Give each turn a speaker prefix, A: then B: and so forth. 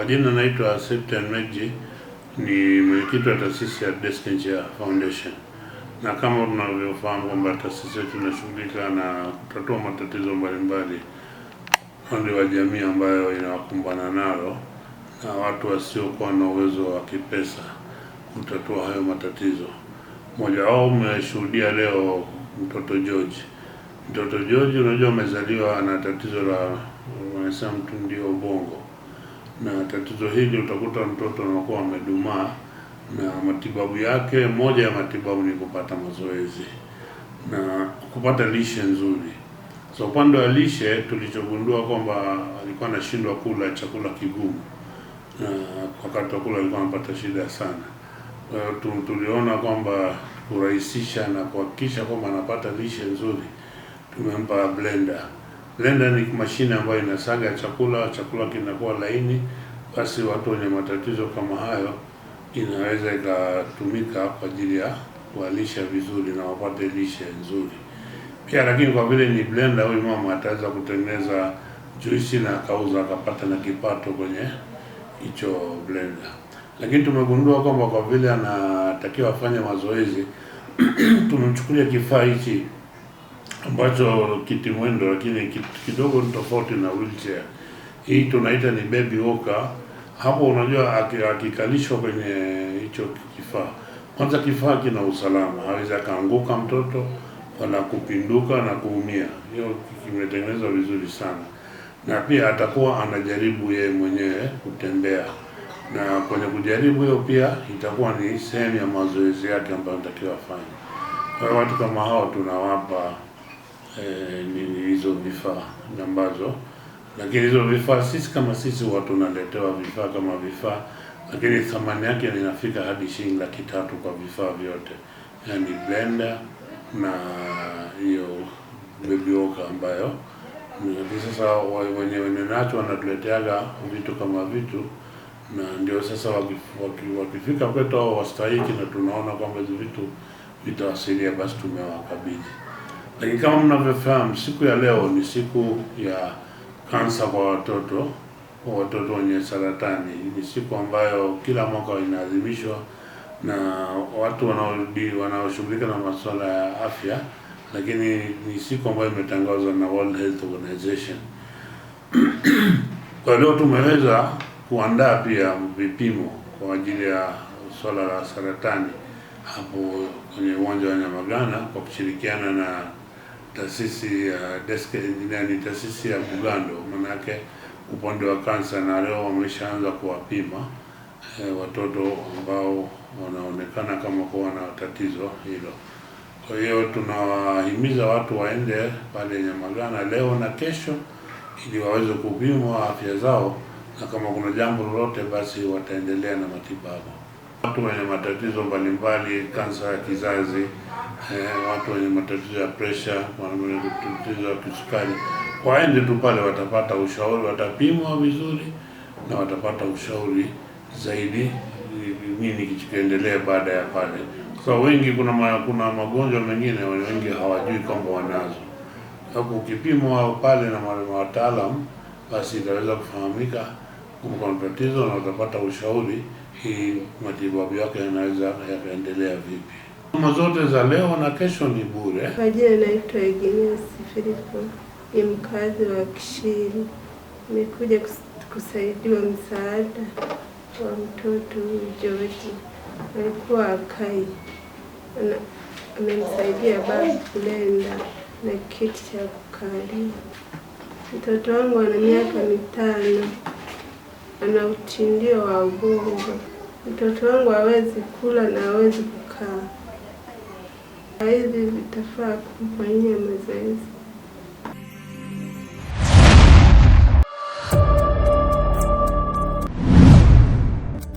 A: Kwa jina naitwa Septian Meji, ni mwenyekiti wa taasisi ya Destiny Foundation, na kama tunavyofahamu kwamba taasisi yetu inashughulika na kutatua matatizo mbalimbali upande wa jamii ambayo inawakumbana nalo na watu wasiokuwa na uwezo wa kipesa kutatua hayo matatizo. Mmoja wao umeshuhudia leo, mtoto George. Mtoto George, unajua amezaliwa na tatizo la wanasema ndio ubongo na tatizo hili utakuta mtoto anakuwa amedumaa, na matibabu yake, moja ya matibabu ni kupata mazoezi na kupata lishe nzuri. So upande wa lishe tulichogundua kwamba alikuwa anashindwa kula chakula kigumu, na wakati wa kula alikuwa anapata shida sana. Kwa tuliona kwamba kurahisisha na kuhakikisha kwamba anapata lishe nzuri, tumempa blender Blender ni mashine ambayo inasaga chakula, chakula kinakuwa laini. Basi watu wenye matatizo kama hayo inaweza ikatumika kwa ajili ya kuwalisha vizuri na wapate lishe nzuri pia. Lakini kwa vile ni blender, huyu mama ataweza kutengeneza juisi na akauza akapata na kipato kwenye hicho blender. Lakini tumegundua kwamba kwa vile anatakiwa afanye mazoezi tumemchukulia kifaa hichi ambacho kiti mwendo lakini kidogo ni tofauti na wheelchair. Hii tunaita ni baby walker. Hapo unajua akikalishwa kwenye hicho kifaa, kwanza kifaa kina usalama, hawezi akaanguka mtoto wala kupinduka na kuumia. Hiyo kimetengenezwa vizuri sana, na pia atakuwa anajaribu yeye mwenyewe kutembea, na kwenye kujaribu hiyo pia itakuwa ni sehemu ya mazoezi yake ambayo anatakiwa afanye. Kwa watu kama hao tunawapa eh, hizo vifaa ambazo, lakini hizo vifaa sisi kama sisi huwa tunaletewa vifaa kama vifaa, lakini thamani yake inafika hadi shilingi laki tatu kwa vifaa vyote, yani blender na hiyo baby walker ambayo sasa wenye nacho wanatuleteaga vitu kama vitu, na ndio sasa wakifika kwetu hao wastahiki, na tunaona kwamba hizo vitu vitawasilia, basi tumewakabidhi. Lakini kama mnavyofahamu, siku ya leo ni siku ya kansa kwa watoto kwa watoto wenye saratani. Ni siku ambayo kila mwaka inaadhimishwa na watu wanaoshughulika na masuala ya afya, lakini ni siku ambayo imetangazwa na World Health Organization. Kwa leo tumeweza kuandaa pia vipimo kwa ajili ya swala la saratani hapo kwenye uwanja wa Nyamagana kwa kushirikiana na taasisi ya desk engineer ni taasisi ya Bugando, manake upande wa kansa, na leo wameshaanza kuwapima eh, watoto ambao wanaonekana kama kuwa na tatizo hilo. Kwa hiyo tunawahimiza watu waende pale Nyamagana leo na kesho, ili waweze kupimwa afya zao, na kama kuna jambo lolote, basi wataendelea na matibabu watu wenye matatizo mbalimbali, kansa ya kizazi eh, watu wenye matatizo ya presha, wenye matatizo ya kisukari, waende tu pale, watapata ushauri, watapimwa vizuri na watapata ushauri zaidi nini kiendelee baada ya pale. Kwa wengi kuna ma, kuna magonjwa mengine wengi hawajui kwamba wanazo. Hapo ukipimwa pale na wale wataalamu, basi itaweza kufahamika kuna tatizo na utapata ushauri hii matibabu yake yanaweza yakaendelea vipi. Huduma zote za leo na kesho ni bure.
B: Kwa jina naitwa Igenius Filipo, ni mkazi wa Kishiri. Nimekuja kusaidiwa msaada wa mtoto George, alikuwa akai, amemsaidia baba kulenda na kiti cha kukalia. Mtoto wangu ana miaka mitano ana utindio wa ubongo. Mtoto wangu hawezi kula na hawezi kukaa. Hivi vitafaa kumfanyia mazoezi.